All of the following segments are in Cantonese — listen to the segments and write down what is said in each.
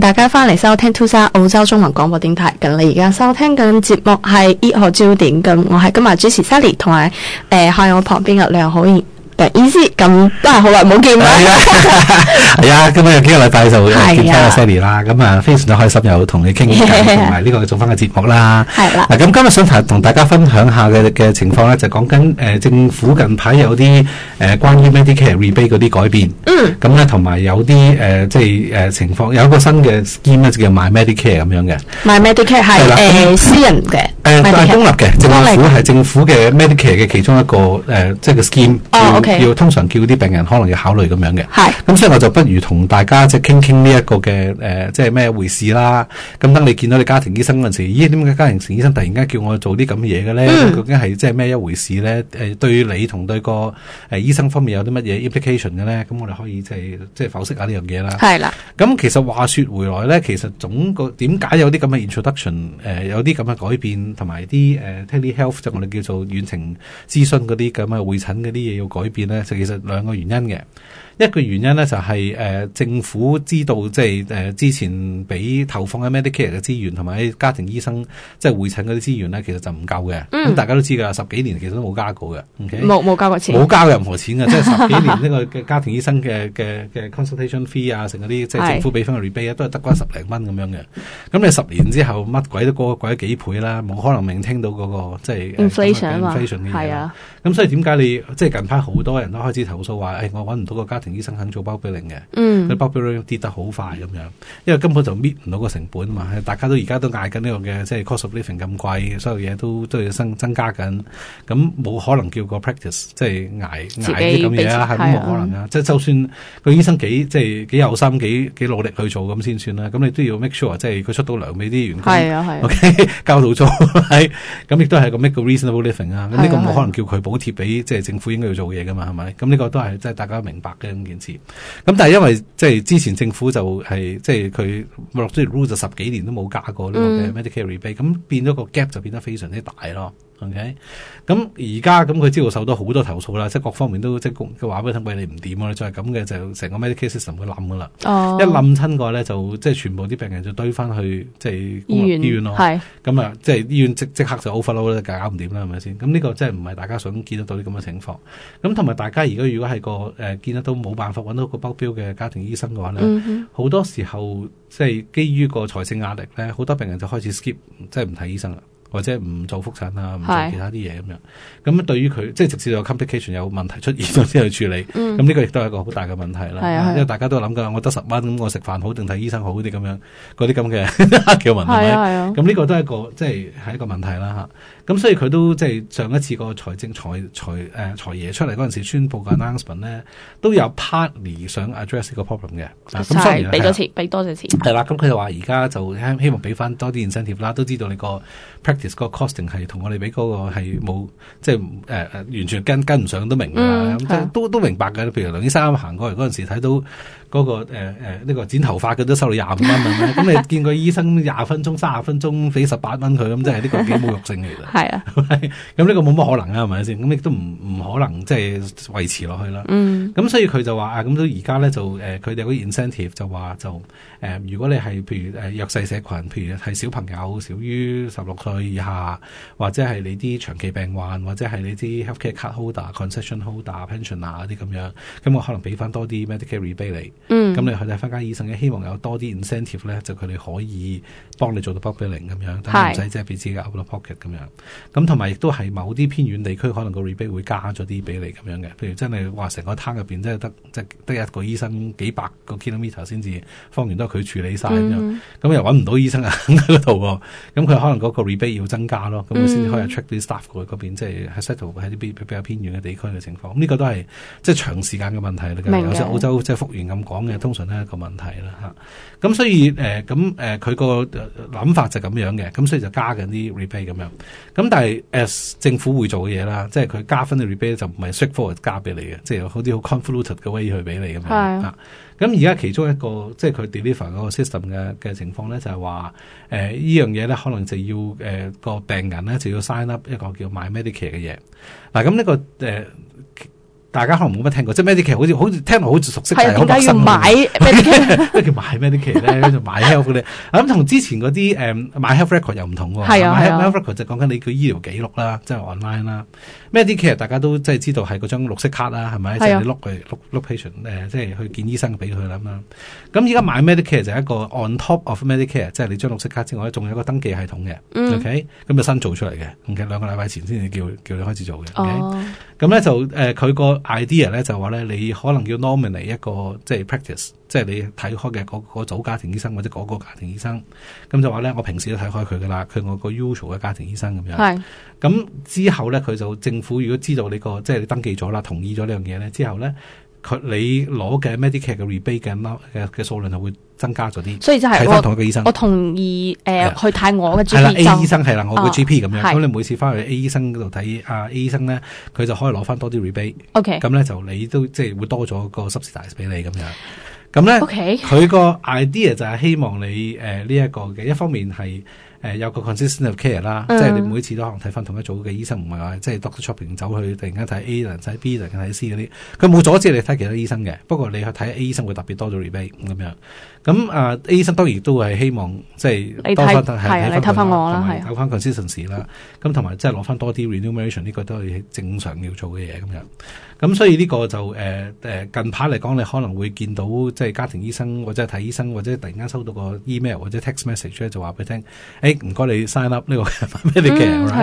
大家翻嚟收聽 t u s a 澳洲中文廣播電台。咁你而家收聽緊節目係醫學焦點。咁我係今日主持 Sally，同埋誒係我旁邊嘅梁浩然。意思咁都係好耐冇見啦。係啊，今日有幾個禮拜就見翻阿 Sally 啦。咁啊非常之開心又，又同你傾偈，同埋呢個做翻嘅節目啦。係啦，啊。咁，啊、今日想同大家分享下嘅嘅情況咧，就講緊誒政府近排有啲誒、呃、關於 Medicare rebate 嗰啲改變。嗯。咁咧，同埋有啲誒即係誒情況，有一個新嘅 scheme 咧，就叫 My Medicare 咁樣嘅。My Medicare 係誒私人嘅。 誒、呃，但係公立嘅政府係政府嘅 Medicare 嘅其中一個誒、呃，即係個 scheme 要、oh, okay. 要通常叫啲病人可能要考慮咁樣嘅。係咁，嗯、那所以我就不如同大家即係傾傾呢一個嘅誒、呃，即係咩回事啦。咁等你見到你家庭醫生嗰陣時，咦點解家庭醫生突然間叫我做啲咁嘢嘅咧？究竟係即係咩一回事咧？誒，對你同對個誒、呃、醫生方面有啲乜嘢 implication 嘅咧？咁我哋可以、就是、即係即係剖析下呢樣嘢啦。係啦。咁其實話說回來咧，其實總個點解有啲咁嘅 introduction、呃、有啲咁嘅改變。同埋啲誒 telehealth 就我哋叫做遠程諮詢嗰啲咁嘅會診嗰啲嘢要改變咧，就其實兩個原因嘅。一個原因咧就係、是、誒、呃、政府知道即係誒之前俾投放嘅 Medicare 嘅資源同埋家庭醫生即係、就是、會診嗰啲資源咧，其實就唔夠嘅。咁、嗯嗯、大家都知㗎，十幾年其實都冇加過嘅。冇、okay? 冇交過錢？冇交過任何錢嘅，即 係十幾年呢個嘅家庭醫生嘅嘅嘅 consultation fee 啊，成嗰啲即係政府俾翻嘅 rebate 都係得嗰十零蚊咁樣嘅。咁你十年之後乜鬼都過貴咗幾倍啦，冇可能 maintain 到嗰、那個即係、就是、inflation, inflation 啊，咁、啊、所以點解你即係、就是、近排好多人都開始投訴話、哎、我揾唔到個家庭成醫生肯做 bulk billing 嘅，嗯，bulk billing 跌得好快咁樣，因為根本就搣唔到個成本啊嘛、嗯，大家都而家都嗌緊呢個嘅，即、就、係、是、cost of living 咁貴，所有嘢都都要增增加緊，咁冇可能叫個 practice 即係捱捱啲咁嘢啊，係冇可能啊！即、嗯、係、就是、就算個醫生幾即係、就是、幾有心、嗯、幾幾努力去做咁先算啦，咁你都要 make sure 即係佢出到糧俾啲員工，係係、啊啊、，OK 教導做，係咁亦都係個 make a reasonable living 啊，呢、這個冇可能叫佢補貼俾即係政府應該要做嘅嘢噶嘛，係咪、啊？咁呢、啊啊、個都係即係大家明白嘅。件事，咁但係因為即係之前政府就係即係佢落咗啲 rule 就十幾年都冇加過呢個嘅 Medicare rebate 咁、嗯、變咗個 gap 就變得非常之大咯。O K，咁而家咁佢知道受到好多投訴啦，即係各方面都即係話俾你聽，喂，你唔掂啊！你再係咁嘅就成個 medical system 佢冧噶啦，oh. 一冧親嘅話咧就即係全部啲病人就堆翻去即係公立醫院咯，咁啊！即係醫院即即刻就 overload 啦，搞唔掂啦，係咪先？咁呢、這個即係唔係大家想見得到啲咁嘅情況？咁同埋大家如果如果係個誒、呃、見得到冇辦法搵到個 bulk bill 嘅家庭醫生嘅話咧，好、mm-hmm. 多時候即係基於個財政壓力咧，好多病人就開始 skip，即係唔睇醫生啦。或者唔做覆診啊，唔做其他啲嘢咁樣。咁對對於佢即係直至有 complication 有問題出現先去處理，咁 呢、嗯、個亦都係一個好大嘅問題啦是啊是啊。因為大家都係諗緊，我得十蚊咁，我食飯好定睇醫生好啲咁樣，嗰啲咁嘅黑嘅問題，咁呢個都係一個即係一個問題啦嚇。咁所以佢都即係上一次個財政財財誒財爺出嚟嗰陣時宣布呢，宣佈 announcement 都有 partly 想 address 個 problem 嘅。是是啊啊啊、就所俾多俾多少錢？係啦，咁佢就話而家就希望俾翻多啲 incentive 啦、嗯，都知道你個。practice 個 costing 係同我哋比嗰個係冇，即係誒完全跟跟唔上都明㗎、嗯啊、即都都明白㗎，譬如梁醫生行過嚟嗰陣時睇到嗰個誒、呃、呢個剪頭髮嘅都收到廿五蚊，咁你見個醫生廿分鐘、三十分鐘俾十八蚊佢咁，即係呢個幾侮辱性嚟㗎。啊，咁呢個冇乜可能啊，係咪先？咁亦都唔唔可能即係維持落去啦。咁所以佢就話啊，咁到而家咧就佢哋嗰啲 incentive 就話就、呃、如果你係譬如弱勢社群，譬如係小朋友少於十六歲。以下或者係你啲長期病患，或者係你啲 healthcare card holder、concession holder、pension 啊啲咁樣，咁我可能俾翻多啲 Medicare rebate 你。咁、嗯、你去睇翻間醫生嘅，希望有多啲 incentive 咧，就佢哋可以幫你做到 bulk billing 咁樣，但唔使即係俾自己 out of the pocket 咁樣。咁同埋亦都係某啲偏遠地區，可能個 rebate 會加咗啲俾你咁樣嘅。譬如真係話，成個 town 入邊真係得即係得一個醫生幾百個 kilometer 先至，方圓都係佢處理晒。咁、嗯、樣。咁又揾唔到醫生啊嗰度喎，咁、嗯、佢 可能嗰個 rebate。必要增加咯，咁佢先可以 check 啲 staff 去、mm, 嗰邊，即係 settle 喺啲比比較偏遠嘅地區嘅情況。呢、這個都係即係長時間嘅問題啦。有時澳洲即係復原咁講嘅，通常都係一個問題啦嚇。咁、啊嗯、所以誒，咁誒佢個諗法就咁樣嘅，咁、嗯、所以就加緊啲 repay 咁樣。咁、嗯、但係 a、呃、政府會做嘅嘢啦，即係佢加分嘅 repay 就唔係 straightforward 加俾你嘅，即、就、係、是、有好啲好 conflicted 嘅 way 去俾你嘅嘛。Yeah. 啊咁而家其中一個即係佢 deliver 嗰個 system 嘅嘅情況咧，就係話誒呢樣嘢咧，可能就要誒、呃、個病人咧就要 sign up 一個叫 MyMedicare 嘅嘢。嗱咁呢個、呃大家可能冇乜聽過，即係 Medicare 好似好似聽落好似熟悉大家，係同埋要買,、啊、My Medicare，咩 叫 My Medicare 咧？就 My Health 咧。我咁同之前嗰啲誒 My Health Record 又唔同喎、啊。係啊, My 啊，Health Record 就講緊你個醫療記錄啦，即、就、係、是、online 啦。Medicare 大家都即係知道係嗰張綠色卡啦，係咪？即係、啊就是、你碌佢碌 patient 即、呃、係、就是、去見醫生俾佢諗啦咁而家 My Medicare 就一個 on top of Medicare，即係你張綠色卡之外，仲有一個登記系統嘅、嗯。OK，咁、嗯、就、嗯嗯、新做出嚟嘅。OK，兩個禮拜前先至叫,叫你開始做嘅。Okay? 哦，咁咧就誒佢個。嗯嗯嗯嗯嗯 idea 咧就話咧，你可能要 nominate 一個即係 practice，即係你睇開嘅嗰個組家庭醫生或者嗰個家庭醫生，咁就話咧，我平時都睇開佢噶啦，佢我個 usual 嘅家庭醫生咁樣。係。咁之後咧，佢就政府如果知道你個即係你登記咗啦，同意咗呢樣嘢咧，之後咧。佢你攞嘅 Medicare 嘅 rebate 嘅數量就會增加咗啲，所以就係睇翻同一個醫生。我同意誒、呃啊、去睇我嘅主治。係啦、啊、A 醫生係啦、啊啊，我個 GP 咁樣。咁、啊、你每次翻去 A 醫生嗰度睇啊，A 醫生咧佢就可以攞翻多啲 rebate、okay。OK，咁咧就你都即係、就是、會多咗個 subsidy 俾你咁樣。咁咧，佢、okay、個 idea 就係希望你誒呢一個嘅一方面係。誒有個 consistent of care 啦、嗯，即係你每次都可能睇翻同一組嘅醫生，唔係話即係、就是、doctor shopping 走去突然間睇 A 人，睇 B 人，睇 C 嗰啲，佢冇阻止你睇其他醫生嘅。不過你去睇 A 醫生會特別多咗 replay 咁樣。咁啊醫生當然都係希望即係多翻，係睇翻病啦，同埋攞翻 consistency 啦。咁同埋即係攞翻多啲 renewal 呢個都係正常要做嘅嘢咁樣， 咁所以呢個就誒誒近排嚟講你可能會見到即係家庭醫生或者睇醫生，或者突然間收到個 email 或者 text message 咧， 就話俾聽誒唔該你，你、bueno, 嗯 right? sign up 呢個 Medicare 個咩嘅，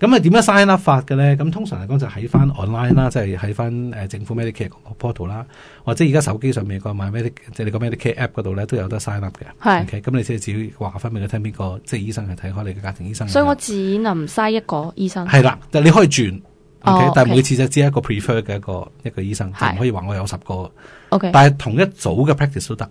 咁啊點樣 sign up 法嘅咧？咁通常嚟講就喺翻 online 啦，即係喺翻誒政府 Medicare 個 portal 啦，或者而家手機上面個 Medicare，就個買咩啲即係個咩啲 Medicare app 度咧。都有得晒粒嘅，係是，咁、okay? 你即係只要話翻俾佢聽個，邊個即係醫生係睇開你嘅家庭醫生。所以我只能嘥一個醫生，係啦，但係你可以轉，哦、Okay? 但係每次就只係一個 prefer 嘅一個一個醫生，哦 okay. 就唔可以話我有十個。O、okay. K，但係同一組嘅 practice 都得。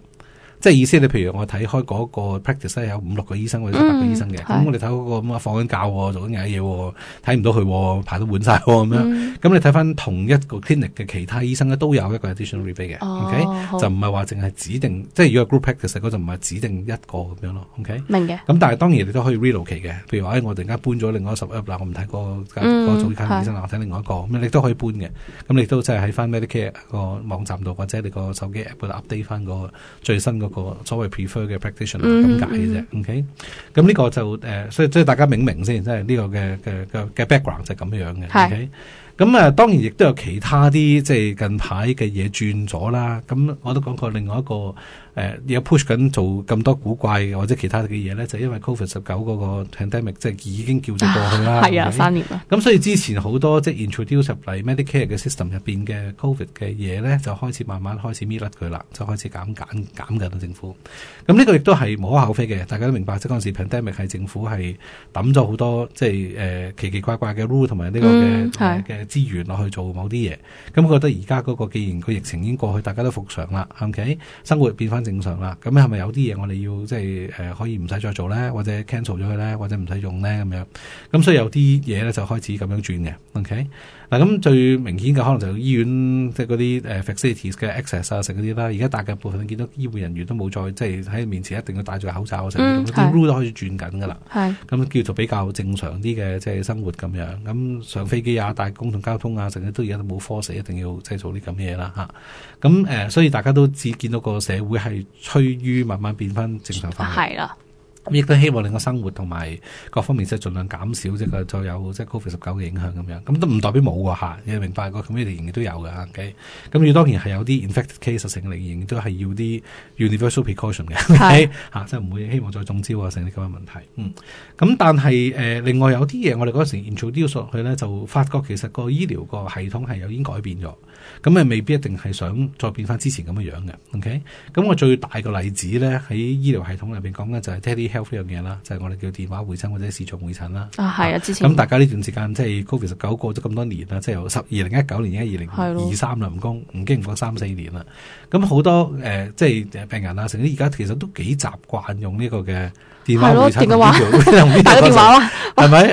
即係意思你譬如我睇開嗰個 practice 有五六個醫生或者八個醫生嘅，咁我哋睇嗰個咁啊放緊假喎，做緊嘢嘢喎，睇唔到佢喎，排到滿晒喎咁樣，咁、嗯、你睇翻同一個 clinic 嘅其他醫生呢，都有一個 additional rebate 嘅，OK，就唔係話淨係指定，即係如果 group practice 嗰就唔係指定一個咁樣咯，OK？明嘅。咁但係當然你都可以 relocate 佢嘅，譬如話、哎、我突然間搬咗另外一個 suburb 我唔睇嗰間嗰組間醫生我睇另外一個，咁你都可以搬嘅，咁你都即係喺翻 Medicare 個網站度或者你個手機 app update 翻嗰最新個所謂 prefer 嘅 practitioner 咁、嗯、解嘅啫、就是嗯，OK？咁、嗯、呢個就誒、呃，所以即係大家明明先，即係呢個嘅嘅嘅嘅 background 就係咁樣嘅，OK？咁、嗯、啊，當然亦都有其他啲即係近排嘅嘢轉咗啦。咁、嗯、我都講過，另外一個誒有、呃、push 緊做咁多古怪嘅或者其他嘅嘢咧，就係、因為 Covid 十九嗰個 pandemic 即係已經叫做過去啦。係啊，三年啦。咁、嗯、所以之前好多即 introduce 嚟、like、Medicare 嘅 system 入面嘅 Covid 嘅嘢咧，就開始慢慢開始搣甩佢啦，就開始減減減緊。減政府。咁、嗯、呢、這個亦都係無可厚非嘅，大家都明白即係嗰陣時 pandemic 係政府係抌咗好多即係、呃、奇奇怪怪嘅 rule 同埋呢個嘅嘅。嗯資源落去做某啲嘢，咁覺得而家嗰個既然個疫情已經過去，大家都復常啦係咪？OK? 生活變翻正常啦，咁係咪有啲嘢我哋要即係誒可以唔使再做咧，或者 cancel 咗佢咧，或者唔使用咧咁樣？咁所以有啲嘢咧就開始咁樣轉嘅，OK？嗱、啊、咁最明顯嘅可能就醫院即係、就、嗰、是、啲誒 facilities 嘅 access 啊，食嗰啲啦，而家大部分見到醫護人員都冇再即係喺面前一定要戴住口罩，成嗰啲 e 都開始轉緊噶啦，係咁叫做比較正常啲嘅即係生活咁樣，咁上飛機啊，帶公交通啊，成日都而家都冇 force 死，一定要製造啲咁嘅嘢啦吓。咁誒，所以大家都只見到個社會係趨於慢慢變翻正常化。係啦。亦都希望令個生活同埋各方面即係儘量減少，即係再有即係 COVID 十九嘅影響咁樣，咁都唔代表冇喎嚇，你明白個咩嘅都有嘅，咁要當然係有啲 infected cases 成年都係要啲 universal precaution 嘅，係、OK? 即係唔會希望再中招啊成啲咁嘅問題。嗯，咁但係誒，另外有啲嘢我哋嗰時 introduce 落去咧，就發覺其實個醫療個系統係有啲改變咗，咁誒未必一定係想再變翻之前咁嘅樣嘅。OK？咁我最大嘅例子咧喺醫療系統入邊講咧，就係 c 呢樣嘢啦，就係、是、我哋叫電話會診或者市場會診啦。啊，係啊，之前咁、啊、大家呢段時間即係 COVID 十九過咗咁多年啦，即係由十二零一九年一二零二三啦，唔經唔過三四年啦，咁、嗯、好多誒、呃，即係病人啦，成而家其實都幾習慣用呢個嘅電話會診。係、這個這個、 打電話係咪？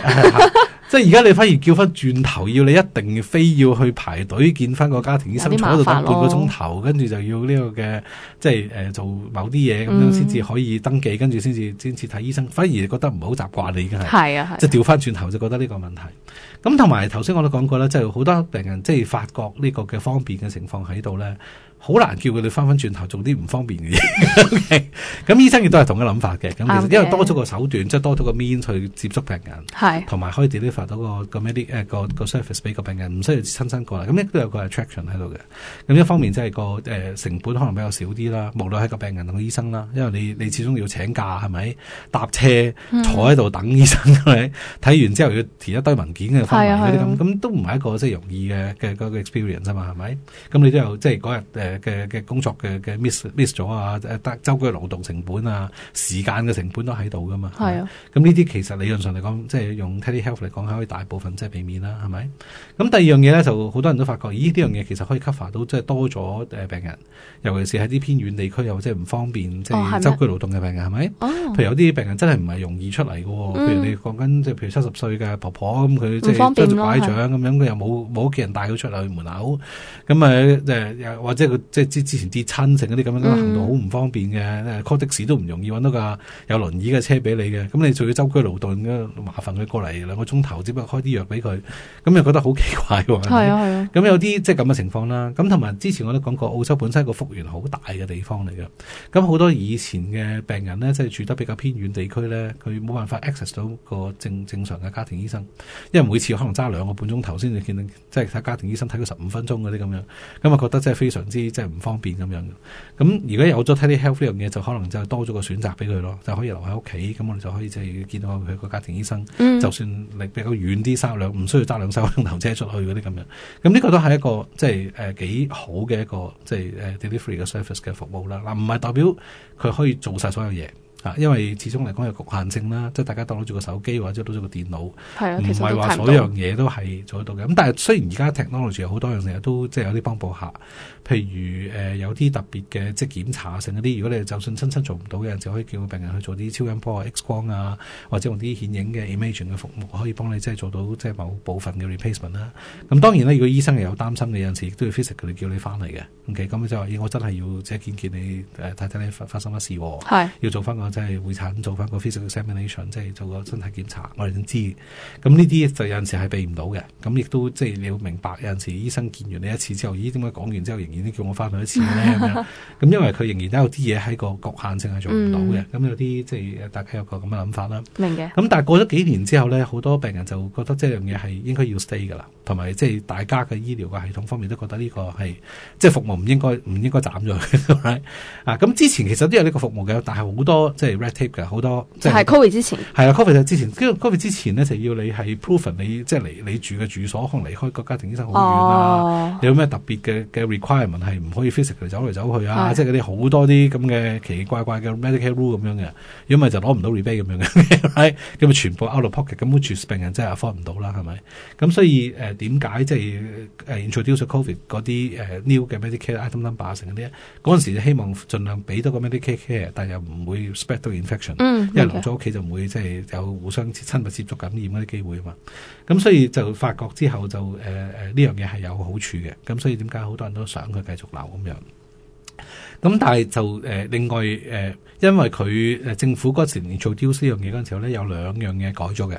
是即係而家你反而叫翻轉頭，要你一定非要去排隊見翻個家庭醫生，坐喺度等半個鐘頭，跟住、嗯、就要呢個嘅即係誒做某啲嘢咁樣先至可以登記，跟住先至先至睇醫生。反而覺得唔係好習慣你，你已經係，即係調翻轉頭就覺得呢個問題。咁同埋頭先我都講過啦，即係好多病人即係發覺呢個嘅方便嘅情況喺度咧。好難叫佢哋翻翻轉頭做啲唔方便嘅嘢。咁 醫生亦都係同一諗法嘅。咁其實因為多咗個手段，即、嗯、係、就是、多咗個面去接觸病人，同埋可以 deliver 到個咁一 service 俾個，個病人，唔需要親身過嚟。咁亦都有個 attraction 喺度嘅。咁一方面即係個、呃、成本可能比較少啲啦。無論係個病人同個醫生啦，因為你你始終要請假係咪搭車、嗯、坐喺度等醫生係咪睇完之後要填一堆文件嘅，方係啲咁，咁都唔係一個即係容易嘅嘅個 experience 啊嘛，係咪？咁你都有即係嗰日嘅嘅工作嘅嘅 miss miss 咗啊！誒，周居嘅勞動成本啊，時間嘅成本都喺度噶嘛。係啊，咁呢啲其實理論上嚟講，即係用 telehealth 嚟講，可以大部分即係避免啦，係咪？咁第二樣嘢咧，就好多人都發覺，咦？呢樣嘢其實可以 cover 到，即係多咗誒病人，尤其是喺啲偏遠地區又或者唔方便即係周居勞動嘅病人，係咪、哦？譬如有啲病人真係唔係容易出嚟嘅、哦哦，譬如你講緊即係譬如七十歲嘅婆婆咁，佢即係揸住拐杖咁樣，佢又冇冇屋企人帶佢出嚟門口，咁啊即係又或者佢。即係之前跌親成嗰啲咁樣，嗰個行動好唔方便嘅，call 的士、嗯、都唔容易揾到架有輪椅嘅車俾你嘅，咁你仲要舟車勞頓麻煩佢過嚟兩個鐘頭，只不過開啲藥俾佢，咁又覺得好奇怪喎。係啊，係啊，咁有啲即係咁嘅情況啦。咁同埋之前我都講過，澳洲本身係個幅員好大嘅地方嚟嘅。咁好多以前嘅病人呢，即係住得比較偏遠地區呢，佢冇辦法 access 到個正正常嘅家庭醫生，因為每次可能揸兩個半鐘頭先至見到，即係睇家庭醫生睇佢十五分鐘嗰啲咁樣。咁我覺得真係非常之。即係唔方便咁樣，咁如果有咗 telehealth 呢樣嘢，就可能就多咗個選擇俾佢咯，就可以留喺屋企，咁我哋就可以即係見到佢個家庭醫生，mm. 就算你比較遠啲三兩，唔需要揸兩三個鐘頭車出去嗰啲咁樣，咁呢個都係一個即係誒幾好嘅一個即係誒 delivery 嘅 service 嘅服務啦，嗱唔係代表佢可以做晒所有嘢。因為始終嚟講有局限性啦，即係大家當攞住個手機或者攞住個電腦，唔係話所有嘢都係做得到嘅。咁但係雖然而家 technology 有好多樣東西都成日都即係有啲幫補下。譬如誒、呃，有啲特別嘅即係檢查性嗰啲，如果你就算親親做唔到嘅，就可以叫個病人去做啲超音波啊、X 光啊，或者用啲顯影嘅 imaging 嘅服務，可以幫你即係做到即係某部分嘅 replacement 啦、啊。咁當然啦，如果醫生又有擔心你，有陣時亦都要 physically 叫你翻嚟嘅。OK，咁即係話，我真係要即係見見你睇睇、呃、你發生乜事喎、啊？要做翻即、係會診做翻個 physical examination，即係做個身體檢查，我哋先知。咁呢啲就有陣時係避唔到嘅。咁亦都即係你要明白，有陣時醫生見完你一次之後，咦？點解講完之後仍然都叫我翻去一次咧？咁 因為佢仍然都有啲嘢喺個局限性係做唔到嘅。咁、嗯、有啲即係大家有個咁嘅諗法啦。明嘅。咁但係過咗幾年之後咧，好多病人就覺得呢樣嘢係應該要 stay 噶啦，同埋即係大家嘅醫療嘅系統方面都覺得呢個係即係服務唔應該唔應該斬咗啊！咁、right? 之前其實都有呢個服務嘅，但係好多。即係 red tape 㗎，好多就係 covid 之前係啦，covid 就之前，跟住 covid 之前咧就要你係 prove 你即係離你住嘅住所可能離開個家庭醫生好遠啦，有咩特別嘅嘅 requirement 係唔可以 physically 走嚟走去啊，即係嗰啲好多啲咁嘅奇奇怪怪嘅 medicare rule 咁樣嘅，如果咪就攞唔到 rebate 咁樣嘅，係因為全部 out of pocket 根本住病人真係 afford 唔到啦，係咪？咁所以誒點解即係誒 introduce covid 嗰啲誒 new 嘅 medicare item number 成嗰啲咧？嗰陣時就希望儘量俾多個 medicare care，但係又唔會。infection， 因為留咗屋企就唔會即係有互相親密接觸感染嗰啲機會啊嘛，咁所以就發覺之後就誒誒呢樣嘢係有好處嘅，咁所以點解好多人都想佢繼續留咁樣，咁但係就誒、呃、另外誒、呃、因為佢誒政府嗰時做屌絲樣嘢嗰陣時候咧有兩樣嘢改咗嘅。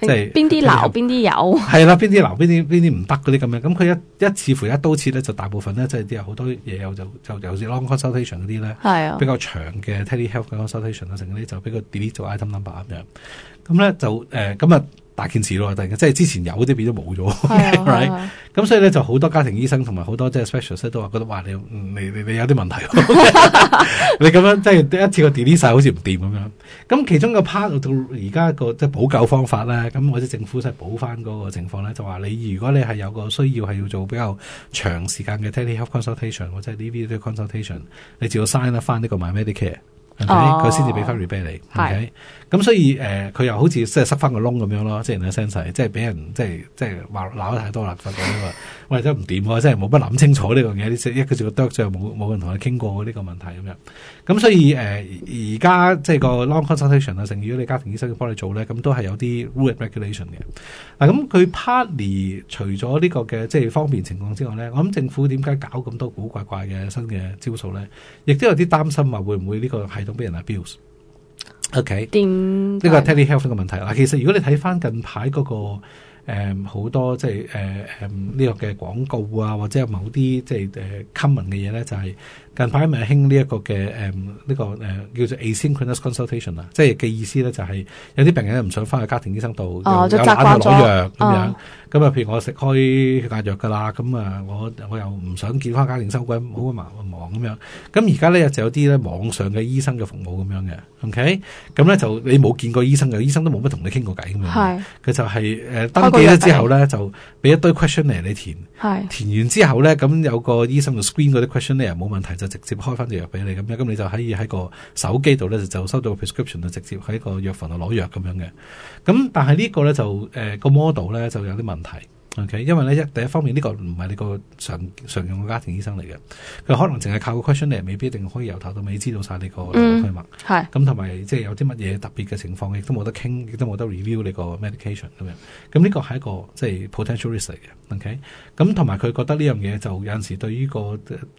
即係邊啲留邊啲有，係啦，邊啲留邊啲邊啲唔得嗰啲咁樣，咁佢一一似乎一刀切咧，就大部分咧即係啲好多嘢，有就就有似 long consultation 嗰啲咧，係啊比較長嘅 telehealth 嘅 consultation 啊，剩嗰啲就俾個 delete 做 item number 咁樣，咁咧就誒咁啊。呃大件事咯，突然即係之前有啲變咗冇咗，咁、 right? 所以咧就好多家庭醫生同埋好多即係 specialist 都話覺得哇，你你你，你有啲問題，okay? 你咁樣即係一次個 delete 晒好似唔掂咁樣。咁其中個 part 到而家個即係補救方法咧，咁或者政府想補翻嗰個情況咧，就話你如果你係有個需要係要做比較長時間嘅 telehealth consultation 或者呢啲 consultation，你只要 sign 得翻呢個 m e d i c a r e 佢先至俾翻 reply 你。Okay? 咁所以誒，佢、呃、又好似即係塞翻個窿咁樣咯，即係嗱聲勢，即係俾人即係即係話鬧得太多啦。反正話，喂都唔掂喎，即係冇乜諗清楚呢個嘢，一一句就哆冇冇人同佢傾過呢個問題咁樣。咁所以誒，而家即係個 long consultation 啊、嗯，成，如果你家庭醫生要幫你做咧，咁都係有啲 rule regulation 嘅。嗱、啊，咁佢 partly 除咗呢個嘅即係方便情況之外咧，我諗政府點解搞咁多古怪怪嘅新嘅招數咧？亦都有啲擔心話，會唔會呢個系統俾人 abuse？O.K. 呢、個係 telehealth 嘅問題啦，其實如果你睇翻近排嗰、那個。誒、um, 好多即係誒誒呢個嘅廣告啊，或者某啲即係誒、uh, common 嘅嘢咧，就係、是、近排咪興呢一個嘅誒呢個誒、uh, 叫做 asynchronous consultation 啦，即係嘅意思咧就係、是、有啲病人唔想翻去家庭醫生度、哦，又又懶攞藥咁、嗯、樣。咁啊，譬如我食開血壓藥噶啦，咁啊我我又唔想見翻家庭生忙忙醫生好鬼好鬼麻忙咁樣。咁而家咧就有啲咧網上嘅醫生嘅服務咁樣嘅，OK？咁咧就你冇見過醫生嘅，醫生都冇乜同你傾過偈咁樣佢就係、是 uh, 寄咗之後咧，就俾一堆 question 嚟你填，填完之後咧，咁有個醫生就 screen 嗰啲 question 嚟，冇問題就直接開翻隻藥俾你咁樣，咁你就可以喺個手機度咧就收到個 prescription 就直接喺個藥房度攞藥咁樣嘅。咁但係呢個咧就誒、呃這個 model 咧就有啲問題。O、okay, K，因為咧一第一方面呢、呢個唔係你個常常用嘅家庭醫生嚟嘅，佢可能淨係靠個 question 咧，未必一定可以由頭到尾知道晒你個區脈，係咁，同埋即係有啲乜嘢特別嘅情況，亦都冇得傾，亦都冇得 review 你 medication, 個 medication 咁樣，咁呢個係一個即係 potential risk 嘅 O K，咁同埋佢覺得呢樣嘢就有陣時對於個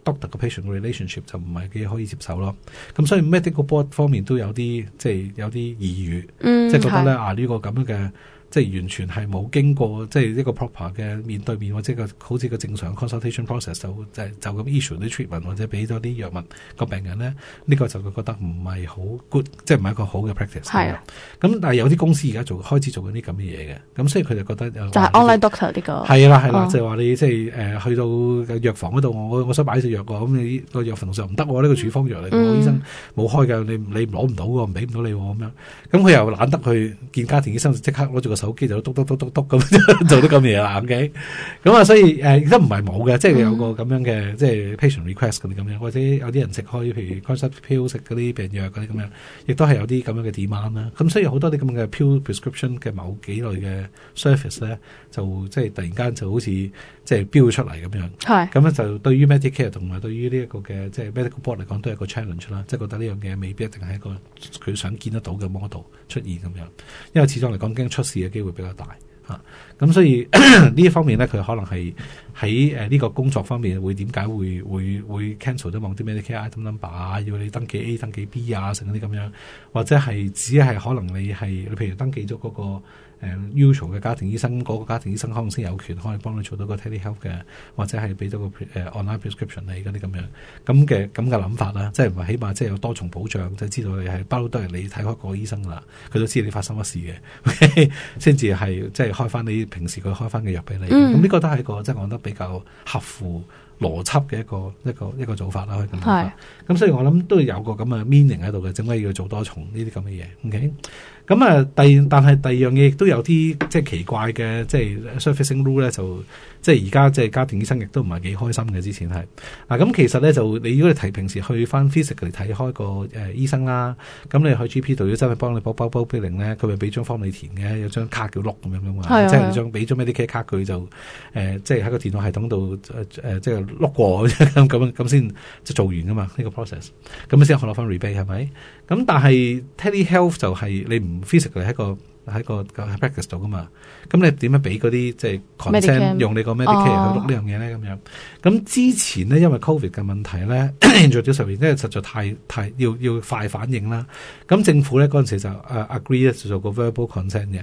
doctor 個 patient 嘅 relationship 就唔係幾可以接受咯。咁所以 medical board 方面都有啲即係有啲異議，嗯、即係覺得咧啊呢、呢個咁樣嘅。即係完全係冇經過，即係一個 proper 嘅面對面或者個好似個正常 consultation process 就就咁 issue 啲 treatment 或者俾咗啲藥物，那個病人咧，呢、這個就會覺得唔係好 good，即係唔係一個好嘅 practice。係啊，咁、嗯、但係有啲公司而家做開始做緊啲咁嘅嘢嘅，咁、嗯、所以佢就覺得就係、係啊、online doctor 呢、這個係啦係啦，係啊係啊係啊 oh. 就係話你即係、呃、去到藥房嗰度，我我想買啲藥喎，咁你個藥房就唔得喎，呢、這個處方藥嚟，我、嗯、醫生冇開㗎，你你攞唔到㗎、啊，俾唔到你咁、啊、樣。咁、嗯、佢、嗯嗯、又懶得去見家庭醫生，就即刻攞住個。手機就嘟嘟嘟嘟嘟咁，做得咁嘢啦，OK？咁啊， 所以誒而家唔係冇嘅，即、呃、係有，就是、有個咁樣嘅，mm. 即係 patient request 嗰啲咁樣，或者有啲人食開，譬如 concept pill 食啲病藥啲咁樣，mm. 亦都係有啲咁樣嘅 demand 啦、啊。咁所以好多啲咁嘅 pill prescription 嘅某幾類嘅 surface 咧，就即係突然間就好似即係飆出嚟咁樣，係，咁樣就對於 Medicare 同埋對於呢一個嘅即係 medical board 嚟講都係一個 challenge 啦。即、就、係、是、覺得呢樣嘢未必一定係一個佢想見得到嘅 model 出現咁樣，因為始終嚟講驚出事。嘅機會比較大啊咁所以呢一 方面咧，佢可能係喺呢個工作方面會點解會會會，會 cancel 咗某啲咩啲 KI number 啊，要你登記 A 登記 B 啊，成嗰啲咁樣，或者係只係可能你係你譬如登記咗嗰個誒 usual 嘅家庭醫生，嗰、那個、家庭醫生可能先有權可以幫你做到個 telehealth 嘅，或者係俾到個、uh, online prescription 嚟啲咁樣，咁嘅咁嘅諗法啦，即係唔係起碼即係有多重保障，就知道你係不嬲都係你睇開個醫生啦，佢都知你發生乜事嘅，先至係即係開翻你。平時佢開翻嘅藥俾你，咁、嗯、呢個都係一個即係我覺得比較合乎邏輯嘅一個一個一個做法啦。係，咁所以我諗都有個咁嘅 meaning 喺度嘅，點解要做多重呢啲咁嘅嘢？OK，咁啊，第但係第二樣嘢亦都有啲即係奇怪嘅，即係 surfacing rule 咧就。即係而家即係家庭醫生亦都唔係幾開心嘅，之前係啊，咁其實咧就你如果你提平時去翻 physic 嚟睇開個誒醫生啦，咁你去 GP 度要真係幫你煲煲煲 b i l 咧，佢咪俾張方 o r 你填嘅，有張卡叫碌咁樣嘅嘛，即係、就是、你將俾咗咩啲 c a 佢就誒即係喺個電腦系統度誒即係碌過咁咁咁先就做完噶嘛呢、這個 process，咁先可攞翻 rebate 係咪？咁但係 telehealth 就係你唔 physic 嘅一個。喺個 practice 度噶嘛，咁你點樣俾嗰啲即係 consent、Medi-cam，用你個 Medicare 去錄呢樣嘢咧，咁樣，咁之前呢，因為 covid 嘅問題咧，在啲上面係實在太太要要快反應啦。咁政府咧嗰時時就誒、uh, agree 咧做個 verbal consent 嘅。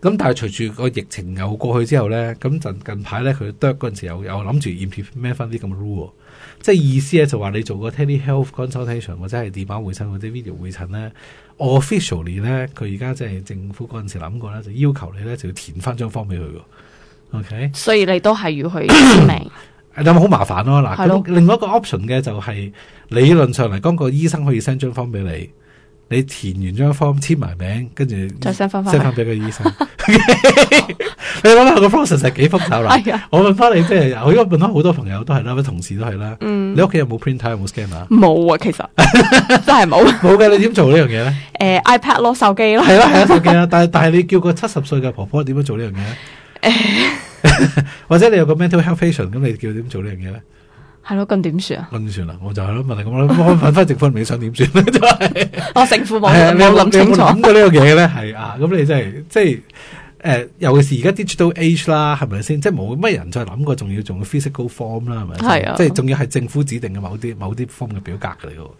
咁但係隨住個疫情又過去之後咧，咁近近排咧佢哆嗰陣時又有諗住驗貼咩翻啲咁嘅 rule，即係意思咧就話你做個 telehealth consultation 或者係電話會診或者 video 會診咧，officially 咧佢而家即係政府嗰陣時諗過咧，就要求你咧就要填翻張方俾佢喎。OK，所以你都係要去明，咁 好麻煩咯，啊？嗱，咁另外一個 option 嘅就係理論上嚟講，個醫生可以 send 張方俾你。你填完張 form，簽埋名，跟住再 send 翻翻俾個醫生。 你諗下，個 process 係幾複雜啦。我問翻你，即係我應該問翻好多朋友，都係啦，同事都係啦。嗯，你屋企有冇 printer，有冇 scan 啊？冇啊，其實 真係冇。冇嘅，你點做呢樣嘢咧？誒、呃、iPad 攞手機咯，係咯，係啊，手機啊。但但係你叫個七十歲嘅婆婆點樣做呢樣嘢咧？誒、哎， 或者你有個 mental health session 咁你叫點做呢樣嘢咧？係咯，咁點算啊？咁算啦？我就係諗問你咁，我我問翻政府、就是 你有冇，你有冇想點算咧？ 就係我政府冇諗清楚。諗過呢個嘢咧，係啊，咁你真係即係誒，尤其是而家 digital age 啦，係咪先？即係冇乜人再諗過，仲要做個 physical form 啦，係咪？係啊，即係仲要係政府指定嘅某啲某啲 form 嘅表格嚟嘅。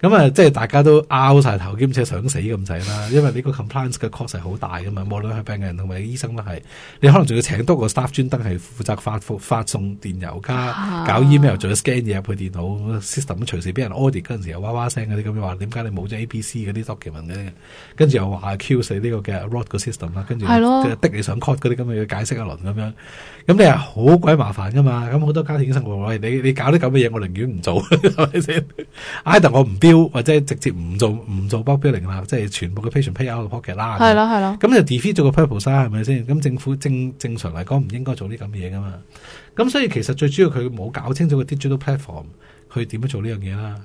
咁啊，即係大家都拗晒頭，兼且想死咁滯啦！因為呢個 compliance 嘅 cost 係好大噶嘛，無論係病人同埋醫生都係。你可能仲要請多個 staff 專登係負責發發送電郵卡，搞 email，做、啊、要 scan 嘢入去電腦 system，隨時俾人 audit 嗰陣時候又哇哇聲嗰啲咁樣話，點解你冇咗 APC 嗰啲 document 咧、呢個？System，跟住又話 Q 死呢個嘅 rot 嘅 system 啦，跟住的你上 court 嗰啲咁嘅要解釋一輪咁樣，咁你係好鬼麻煩噶嘛！咁好多家庭醫生話：喂，你你搞啲咁嘅嘢，我寧願唔做， know, 我唔。或者直接唔做唔做 bulk bill 啦，即係全部嘅 patient pay out of pocket 啦。係係咁就 defeat 咗個 purpose 啦係咪先？咁政府正正常嚟講唔應該做呢咁嘢噶嘛。咁所以其實最主要佢冇搞清楚個 digital platform 佢點樣做呢樣嘢啦。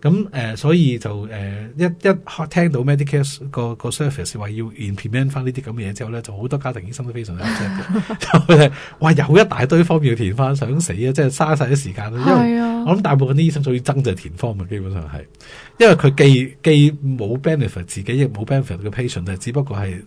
咁誒、呃，所以就誒、呃，一一聽到 Medicare 個個 service 話要 implement 翻呢啲咁嘅嘢之後咧，就好多家庭醫生都非常嘅， 就係話，有一大堆方要填翻，想死啊！即係嘥晒啲時間啊！因為 我諗大部分啲醫生最憎就係填方啊，基本上係，因為佢既既冇 benefit 自己亦冇 benefit 嘅 patient，但係只不過係。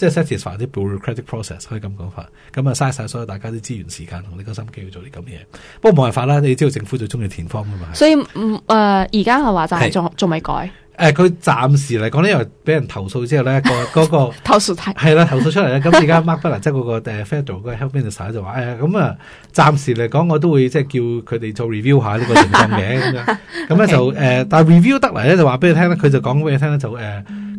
即係 satisfy 啲 bureaucratic process 可以咁講法，咁啊嘥晒所有大家啲資源時間同你個心機去做啲咁嘅嘢。不過冇辦法啦，你知道政府最中意填方㗎嘛。所以誒，而家係話就係仲仲未改。誒、呃，佢暫時嚟講呢，因為俾人投訴之後咧，那個嗰個 投訴係係啦，投訴出嚟呢。咁而家 Mark Butler 即係嗰個 Federal 嗰個 Health Minister 就話誒，咁、呃、啊暫時嚟講，我都會即係叫佢哋做 review 下呢個情況嘅。 」咁這樣。咁 咧、okay。就誒、呃，但係 review 得嚟咧，就話俾你聽咧，佢就講俾你嘢聽咧就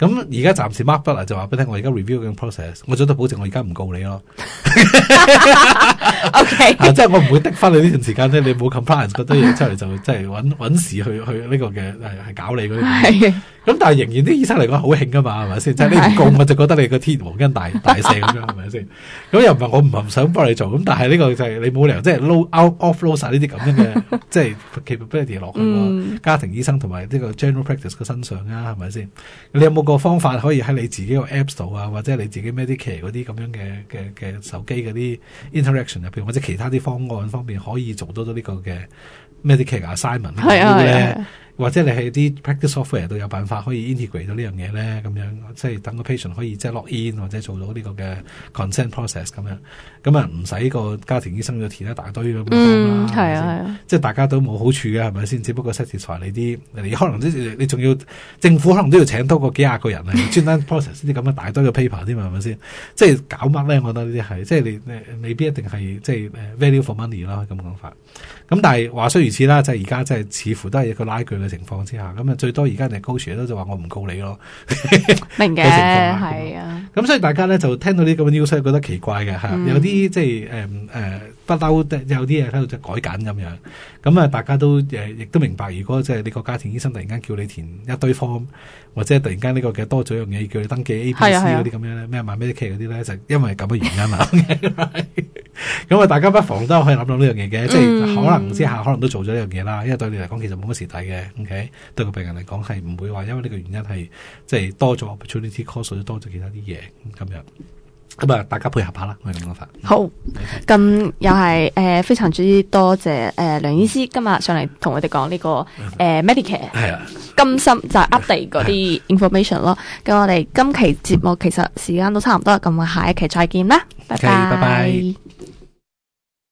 咁而家暫時 mark 得啦，就話俾你聽，我而家 review 緊 process，我做得保證，我而家唔告你咯 Okay. 啊。O K，即係我唔會滴翻你呢段時間咧，你冇 compliance，嗰堆嘢出嚟就即係揾時去去呢個嘅係搞你嗰啲。咁 但係仍然啲醫生嚟講好興㗎嘛，係咪先？即 係你唔告我就覺得你個天王跟大大聲咁樣，係咪先？咁又唔係，我唔係唔想幫你做，咁但係呢個就係你冇理由即係 load out off load 曬呢啲咁樣嘅即係 capability 落去個家庭醫生同埋呢個 general practice 嘅身上啊，係咪先？你有冇？個方法可以喺你自己個 Apps 度啊，或者你自己 Medicare 嗰啲咁樣嘅嘅嘅手機嗰啲 interaction 入邊，或者其他啲方案方面可以做到到呢個嘅 Medicare assignment 係啊係啊呢啲或者你喺啲 practice software 都有辦法可以 integrate 到呢樣嘢咧，咁樣即係等個 patient 可以即係 log in 或者做到呢個嘅 consent process 咁樣，咁啊唔使個家庭醫生要填一大堆咁樣啦，係、嗯、啊、啊、啊，即係大家都冇好處嘅係咪先？只不過 satisfy 你啲，你可能你仲要政府可能都要請多個幾廿個人嚟 專登 process 啲咁嘅大堆嘅 paper 添，係咪先？即係搞乜咧？我覺得呢啲係即係你你未必一定係即係 value for money 啦，咁講法。咁、嗯、但係話雖如此啦，即係而家即係似乎都係一個拉鋸嘅情況之下，咁啊最多而家人高嘅都就話我唔告你咯，明嘅係啊。咁 所以大家咧就聽到呢咁嘅消息，覺得奇怪嘅吓、嗯，有啲即係誒誒不嬲，就是嗯呃、有啲嘢喺度就改緊咁樣。咁、嗯、啊，大家都誒亦都明白，如果即係呢個家庭醫生突然間叫你填一堆 form，或者突然間呢個嘅多咗樣嘢叫你登記 A B C 嗰啲咁樣咧，咩啊咩咩嗰啲咧，就因為咁嘅原因啊。 okay, right? 咁啊，大家不妨都可以諗諗呢樣嘢嘅，即係可能之下，可能都做咗呢樣嘢啦。因為對你嚟講，其實冇乜蝕底嘅，OK。對個病人嚟講，係唔會話因為呢個原因係即係多咗 opportunity cost，多咗其他啲嘢咁樣。咁啊，大家配合下啦，我哋咁樣法。好，咁、okay. 又係誒、呃，非常之多謝誒、呃，梁醫師今日上嚟同我哋講呢個誒，medical 係啊，更、mm-hmm. 新、呃 mm-hmm. 就係 update 嗰、mm-hmm. 啲 information 咯。咁我哋今期節目其實時間都差唔多，咁、mm-hmm. 我哋下一期再見啦，okay, 拜拜。拜拜。